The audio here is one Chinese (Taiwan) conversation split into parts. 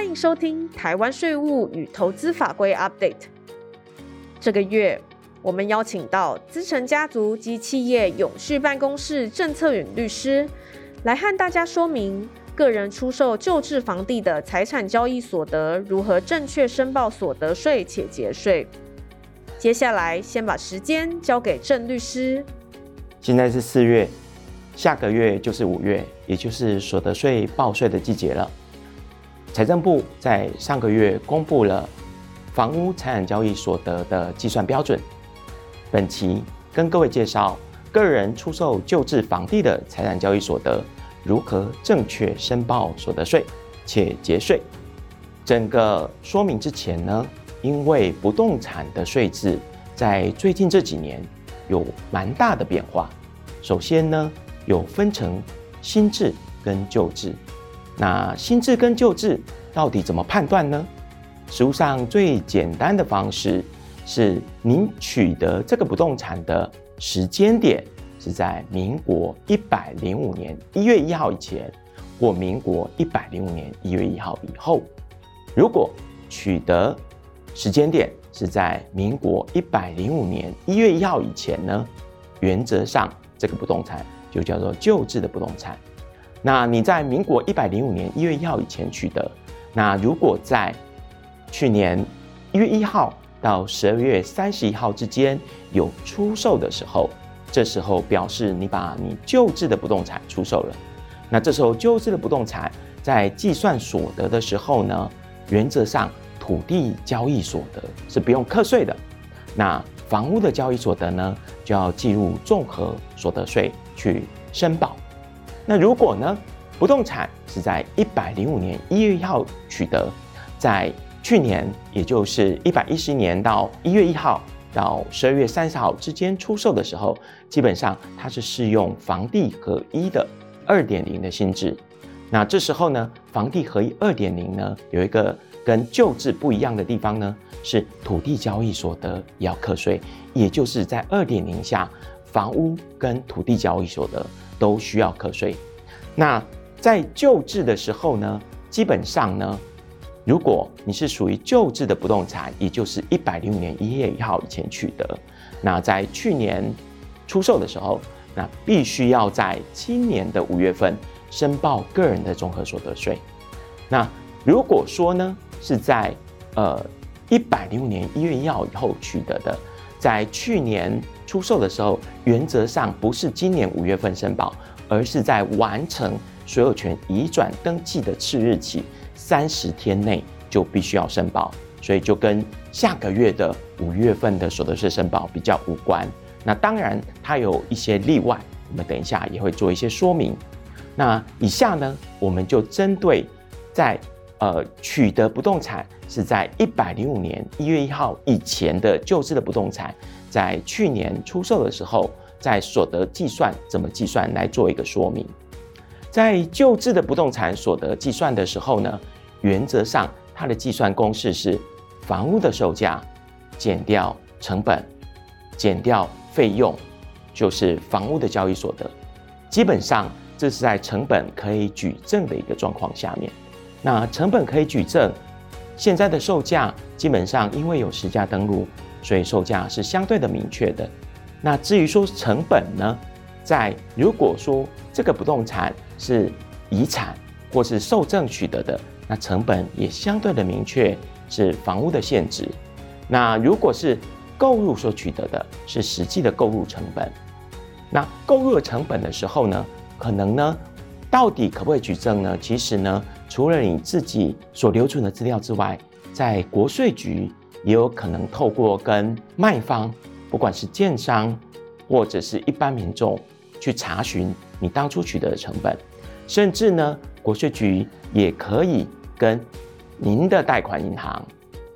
歡迎收聽《台灣稅務與投資法規 Update》。這個月，我們邀請到資誠家族及企業永續辦公室鄭策允律師，來和大家說明個人出售舊制房地的財產交易所得如何正確申報所得稅且節稅。接下來，先把時間交給鄭律師。現在是四月，下個月就是五月，也就是所得稅報稅的季節了。財政部在上個月公布了房屋財產交易所得的計算標準。本期跟各位介紹個人出售舊制房地的財產交易所得如何正確申報所得稅且節稅。整個說明之前呢，因為不動產的稅制在最近這幾年有蠻大的變化。首先呢，有分成新制跟舊制。那新制跟舊制到底怎麼判斷呢？實務上最簡單的方式是，您取得這個不動產的時間點是在民國一百零五年一月一號以前，或民國一百零五年一月一號以後。如果取得時間點是在民國一百零五年一月一號以前呢，原則上這個不動產就叫做舊制的不動產。那你在民國一百零五年一月一號以前取得，那如果在去年一月一號到十二月三十一號之間有出售的時候，這時候表示你把你舊制的不動產出售了。那這時候舊制的不動產在計算所得的時候呢，原則上土地交易所得是不用課稅的，那房屋的交易所得呢，就要計入綜合所得稅去申報。那如果呢，不動產是在一百零五年一月一號取得，在去年，也就是一百一十年到一月一號到十二月三十號之間出售的時候，基本上它是適用房地合一的二點零的新制。那這時候呢，房地合一二點零呢，有一個跟舊制不一樣的地方呢，是土地交易所得也要課稅，也就是在二點零下，房屋跟土地交易所得。都需要課稅。那在舊制的時候呢，基本上呢，如果你是屬於舊制的不動產，也就是一百零五年一月一號以前取得，那在去年出售的時候，那必須要在今年的五月份申報個人的綜合所得稅。那如果說呢是在呃一百零五年一月一號以後取得的，在去年。出售的時候，原則上不是今年五月份申報，而是在完成所有權移轉登記的次日起三十天內就必須要申報，所以就跟下個月的五月份的所得稅申報比較無關。那當然，它有一些例外，我們等一下也會做一些說明。那以下呢，我們就針對在。呃，取得不動產是在一百零五年一月一號以前的舊制的不動產，在去年出售的時候，在所得計算怎麼計算來做一個說明？在舊制的不動產所得計算的時候呢，原則上它的計算公式是房屋的售價減掉成本，減掉費用，就是房屋的交易所得。基本上這是在成本可以舉證的一個狀況下面。那成本可以舉證，現在的售價基本上因為有實價登錄，所以售價是相對的明確的。那至於說成本呢，在如果說這個不動產是遺產或是受贈取得的，那成本也相對的明確，是房屋的現值。那如果是購入所取得的，是實際的購入成本。那購入成本的時候呢，可能呢？到底可不可以舉證呢？其實呢，除了你自己所留存的資料之外，在國稅局也有可能透過跟賣方，不管是建商或者是一般民眾去查詢你當初取得的成本，甚至呢，國稅局也可以跟您的貸款銀行，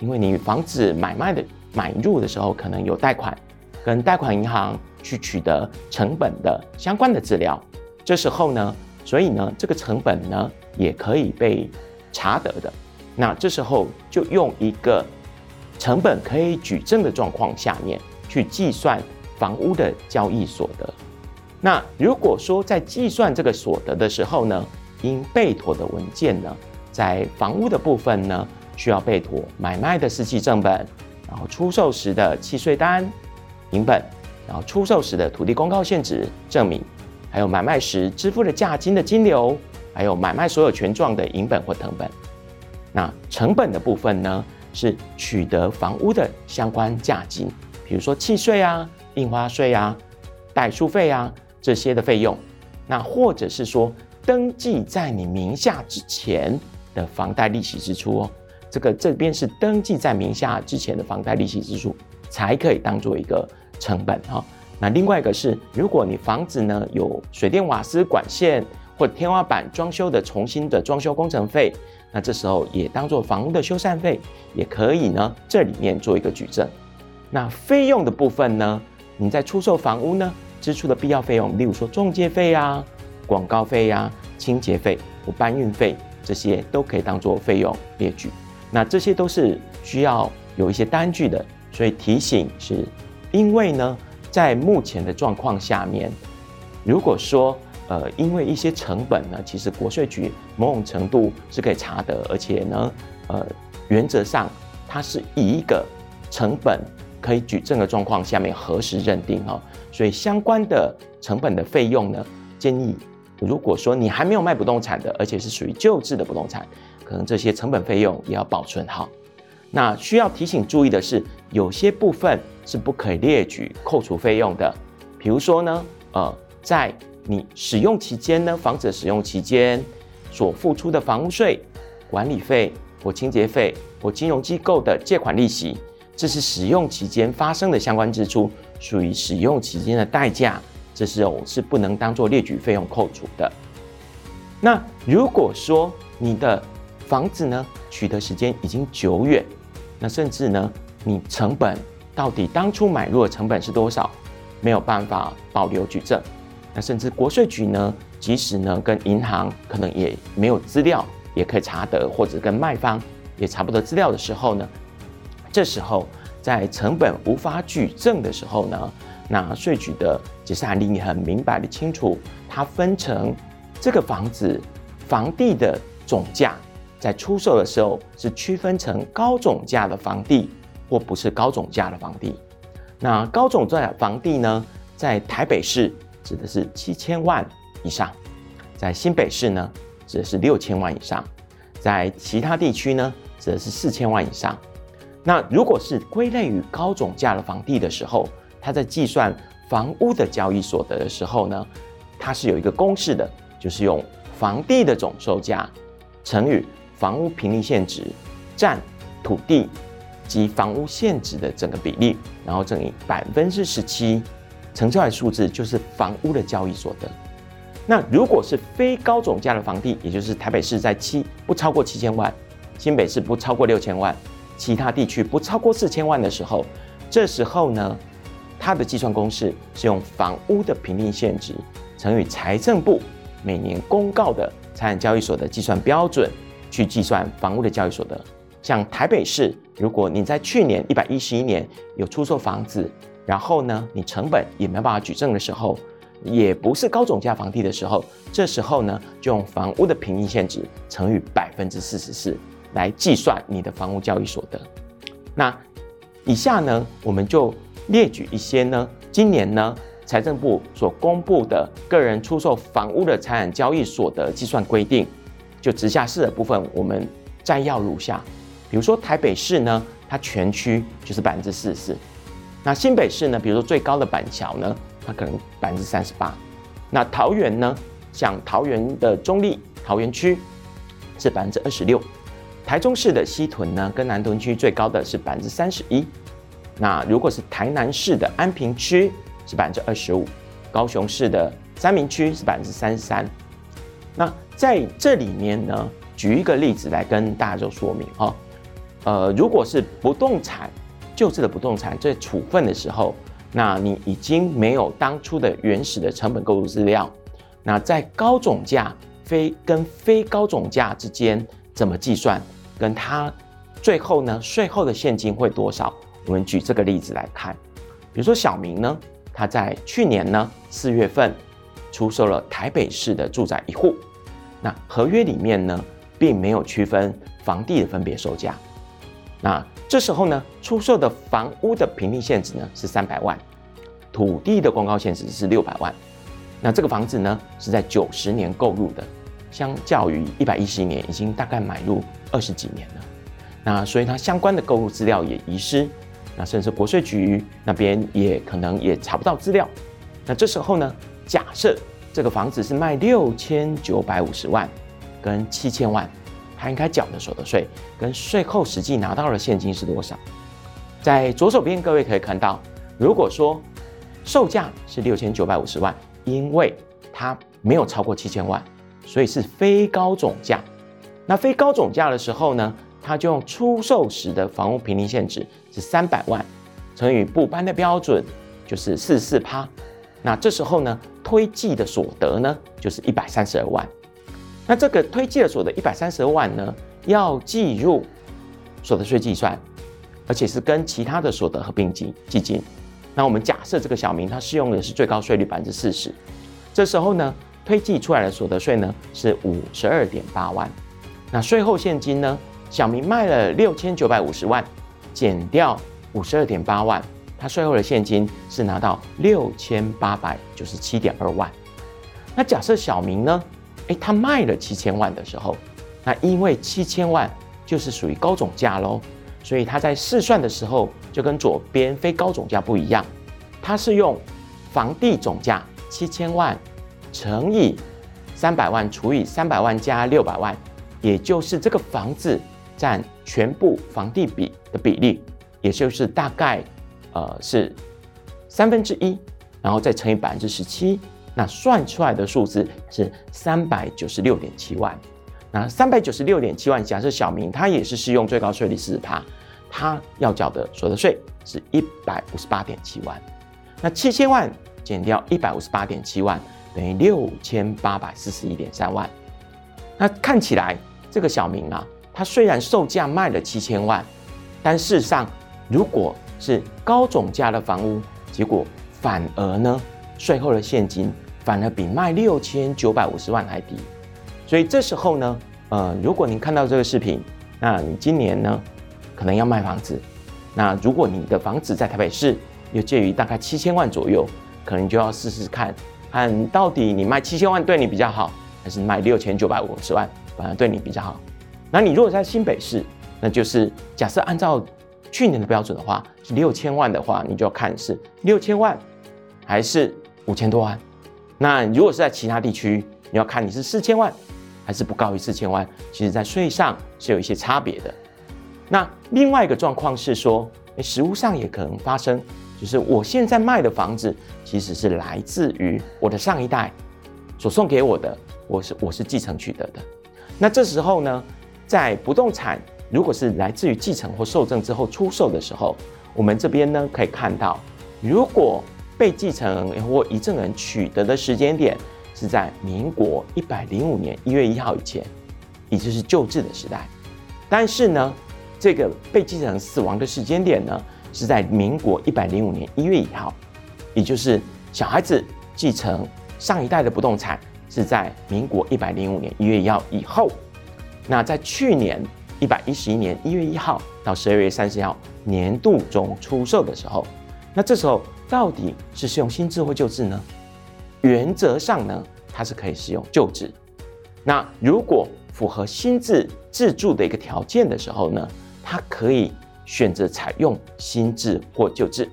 因為你房子買賣的買入的時候可能有貸款，跟貸款銀行去取得成本的相關的資料，這時候呢。所以呢，這個成本呢也可以被查得的。那這時候就用一個成本可以舉證的狀況下面去計算房屋的交易所得。那如果說在計算這個所得的時候呢，應備妥的文件呢，在房屋的部分呢需要備妥買賣的契證本，然後出售時的契稅單影本，然後出售時的土地公告現值證明，還有買賣時支付的價金的金流，還有買賣所有權狀的影本或謄本。那成本的部分呢，是取得房屋的相關價金，比如說契稅啊、印花稅啊、代書費啊這些的費用。那或者是說，登記在你名下之前的房貸利息支出哦，這個這邊是登記在名下之前的房貸利息支出，才可以當做一個成本哈、哦。那另外一個是，如果你房子呢有水電瓦斯管線或天花板裝修的重新的裝修工程費，那這時候也當做房屋的修繕費，也可以呢這裡面做一個舉證。那費用的部分呢，你在出售房屋呢支出的必要費用，例如說仲介費啊、廣告費啊、清潔費或搬運費這些都可以當做費用列舉。那這些都是需要有一些單據的，所以提醒是因為呢。在目前的狀況下面，如果說，呃，因為一些成本呢，其實國稅局某種程度是可以查的，而且呢，呃，原則上它是以一個成本可以舉證的狀況下面核實認定哈、哦。所以相關的成本的費用呢，建議如果說你還沒有賣不動產的，而且是屬於舊制的不動產，可能這些成本費用也要保存好。那需要提醒注意的是，有些部分。是不可以列舉扣除費用的。比如說呢，呃，在你使用期間呢，房子使用期間所付出的房屋稅、管理費或清潔費或金融機構的借款利息，這是使用期間發生的相關支出，屬於使用期間的代價，這時候、哦、是不能當做列舉費用扣除的。那如果說你的房子呢取得時間已經久遠，那甚至呢你成本。到底當初買入的成本是多少？沒有辦法保留舉證，那甚至國稅局呢，即使呢跟銀行可能也沒有資料，也可以查得，或者跟賣方也查不到資料的時候呢，這時候在成本無法舉證的時候呢，那稅局的解釋函令也很明白的清楚，它，分成這個房子房地的總價，在出售的時候是區分成高總價的房地，或不是高總價的房地，那高總價的房地呢，在台北市指的是七千萬以上，在新北市呢指的是六千萬以上，在其他地區呢指的是四千萬以上。那如果是歸類於高總價的房地的時候，它在計算房屋的交易所得的時候呢，它是有一個公式的，就是用房地的總售價乘以房屋評定現值占土地及房屋現值的整個比例，然後乘以百分之十七，乘出來的數字就是房屋的交易所得。那如果是非高總價的房地，也就是台北市在七不超過七千萬，新北市不超過六千萬，其他地區不超過四千萬的時候，這時候呢，它的計算公式是用房屋的評定現值乘以財政部每年公告的財產交易所的計算標準，去計算房屋的交易所得。像台北市。如果你在去年一百一十一年有出售房子，然後呢，你成本也沒有辦法舉證的時候，也不是高總價房地的時候，這時候呢，就用房屋的評定現值乘以百分之四十四來計算你的房屋交易所得。那以下呢，我們就列舉一些呢，今年呢，財政部所公布的個人出售房屋的財產交易所得計算規定，就直轄市的部分，我們摘要如下。比如說台北市呢，它全區就是百分之四十四。那新北市呢，比如說最高的板橋呢，它可能百分之三十八。那桃園呢，像桃園的中壢桃園區是百分之二十六。台中市的西屯呢，跟南屯區最高的是百分之三十一。那如果是台南市的安平區是百分之二十五，高雄市的三民區是百分之三十三。那在這裡面呢，舉一個例子來跟大家就說明哈、哦。呃，如果是不動產，舊制的不動產在處分的時候，那你已經沒有當初的原始的成本購入資料，那在高總價非跟非高總價之間怎麼計算？跟它最後呢稅後的現金會多少？我們舉這個例子來看，比如說小明呢，他在去年呢四月份出售了台北市的住宅一戶，那合約裡面呢並沒有區分房地的分別售價。那這時候呢，出售的房屋的評定現值呢是三百萬，土地的公告現值是六百萬。那這個房子呢是在九十年購入的，相較於一百一十年已經大概買入二十幾年了。那所以它相關的購入資料也遺失，那甚至國稅局那邊也可能也查不到資料。那這時候呢，假設這個房子是賣六千九百五十萬跟七千萬。他應該繳的所得稅跟稅後實際拿到的現金是多少？在左手邊各位可以看到，如果說售價是六千九百五十萬，因為它沒有超過七千萬，所以是非高總價。那非高總價的時候呢，他就用出售時的房屋評定現值是三百萬，乘以部頒的標準就是四四趴。那這時候呢，推計的所得呢就是一百三十二萬。那這個推計的所得一百三十萬呢，要計入所得稅計算，而且是跟其他的所得合併計計進。那我們假設這個小明他適用的是最高稅率百分之四十，這時候呢，推計出來的所得稅呢是五十二點八萬，那稅後現金呢，小明賣了六千九百五十萬，減掉五十二點八萬，他稅後的現金是拿到六千八百九十七點二萬。那假設小明呢？誒，他賣了七千萬的時候，那因為七千萬就是屬於高總價嘍，所以他在試算的時候就跟左邊非高總價不一樣，他是用房地總價七千萬乘以三百萬除以三百萬加六百萬，也就是這個房子佔全部房地比的比例，也就是大概呃是三分之一，然後再乘以百分之十七，那算出來的數字是三百九十六點七萬。那三百九十六點七萬，假設小明他也是適用最高稅率四十%，他要繳的所得稅是一百五十八點七萬。那七千萬減掉一百五十八點七萬，等於六千八百四十一點三萬。那看起來這個小明啊，他雖然售價賣了七千萬，但事實上，如果是高總價的房屋，結果反而呢？稅後的現金反而比賣六千九百五十萬還低，所以這時候呢，呃，如果您看到這個視頻，那你今年呢可能要賣房子。那如果你的房子在台北市，又介於大概七千萬左右，可能就要試試看，看到底你賣七千萬對你比較好，還是賣六千九百五十萬反而對你比較好。那你如果在新北市，那就是假設按照去年的標準的話，六千萬的話，你就要看是六千萬還是。五千多萬，那如果是在其他地區，你要看你是四千萬還是不高於四千萬，其實在稅上是有一些差別的。那另外一個狀況是說，實務上也可能發生，就是我現在賣的房子其實是來自於我的上一代所送給我的，我是我是繼承取得的。那這時候呢，在不動產如果是來自於繼承或受贈之後出售的時候，我們這邊呢可以看到，如果。被繼承人或遺贈人取得的時間點是在民國一百零五年一月一號以前，也就是舊制的時代。但是呢，這個被繼承人死亡的時間點呢是在民國一百零五年一月一號，也就是小孩子繼承上一代的不動產是在民國一百零五年一月一號以後。那在去年一百一十一年一月一號到十二月三十一號年度中出售的時候，那這時候。到底是適用新制或舊制呢？原則上呢，它是可以適用舊制。那如果符合新制自住的一個條件的時候呢，它可以選擇採用新制或舊制。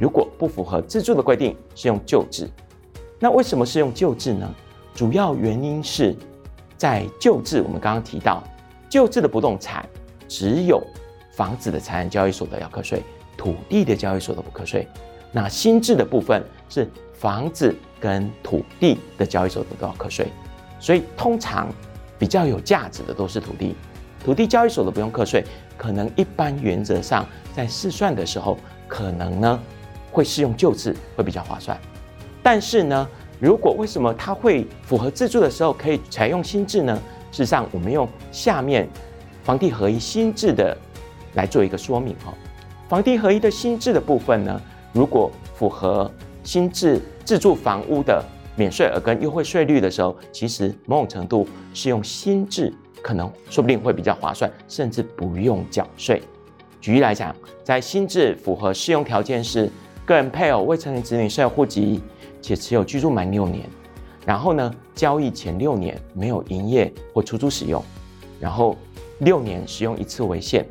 如果不符合自住的規定，適用舊制。那為什麼適用舊制呢？主要原因是在舊制，我們剛剛提到，舊制的不動產只有房子的財產交易所得要課稅，土地的交易所得不課稅。那新制的部分是房子跟土地的交易所得都要課稅，所以通常比較有價值的都是土地，土地交易所得不用課稅，可能一般原則上在試算的時候，可能呢會適用舊制會比較划算。但是呢，如果為什麼它會符合自住的時候可以採用新制呢？事實上，我們用下面房地合一新制的來做一個說明，哦、房地合一的新制的部分呢。如果符合新制自住房屋的免稅額跟優惠稅率的時候，其實某種程度是用新制，可能說不定會比較划算，甚至不用繳稅。舉例來講，在新制符合適用條件是：個人配偶、未成年子女設有戶籍且持有居住滿六年，然後呢，交易前六年沒有營業或出租使用，然後六年使用一次為限。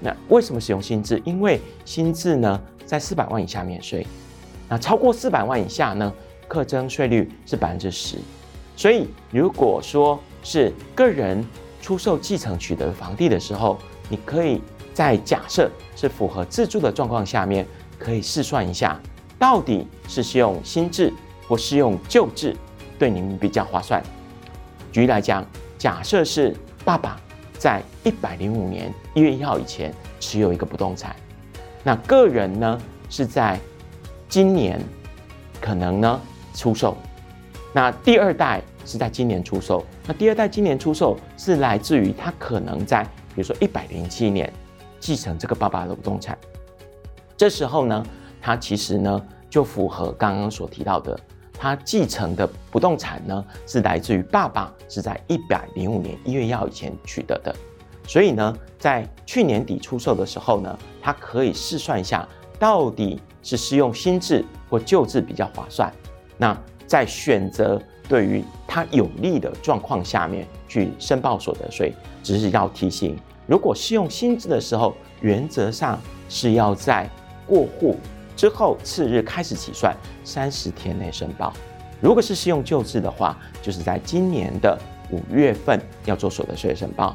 那為什麼使用新制？因為新制呢？在四百萬以下免稅，那超過四百萬以下呢？課徵稅率是百分之十。所以，如果說是個人出售繼承取得的房地的時候，你可以在假設是符合自住的狀況下面，可以試算一下，到底是適用新制或適用舊制，對你們比較划算。舉例來講，假設是爸爸在一百零五年一月一號以前持有一個不動產。那個人呢是在今年可能呢出售，那第二代是在今年出售，那第二代今年出售是來自於他可能在比如說一百零七年繼承這個爸爸的不動產，這時候呢他其實呢就符合剛剛所提到的，他繼承的不動產呢是來自於爸爸是在一百零五年一月一號以前取得的。所以呢，在去年底出售的時候呢，他可以試算一下，到底是適用新制或舊制比較划算。那在選擇對於他有利的狀況下面去申報所得稅，只是要提醒，如果適用新制的時候，原則上是要在過戶之後次日開始起算，三十天內申報；如果是適用舊制的話，就是在今年的五月份要做所得稅申報。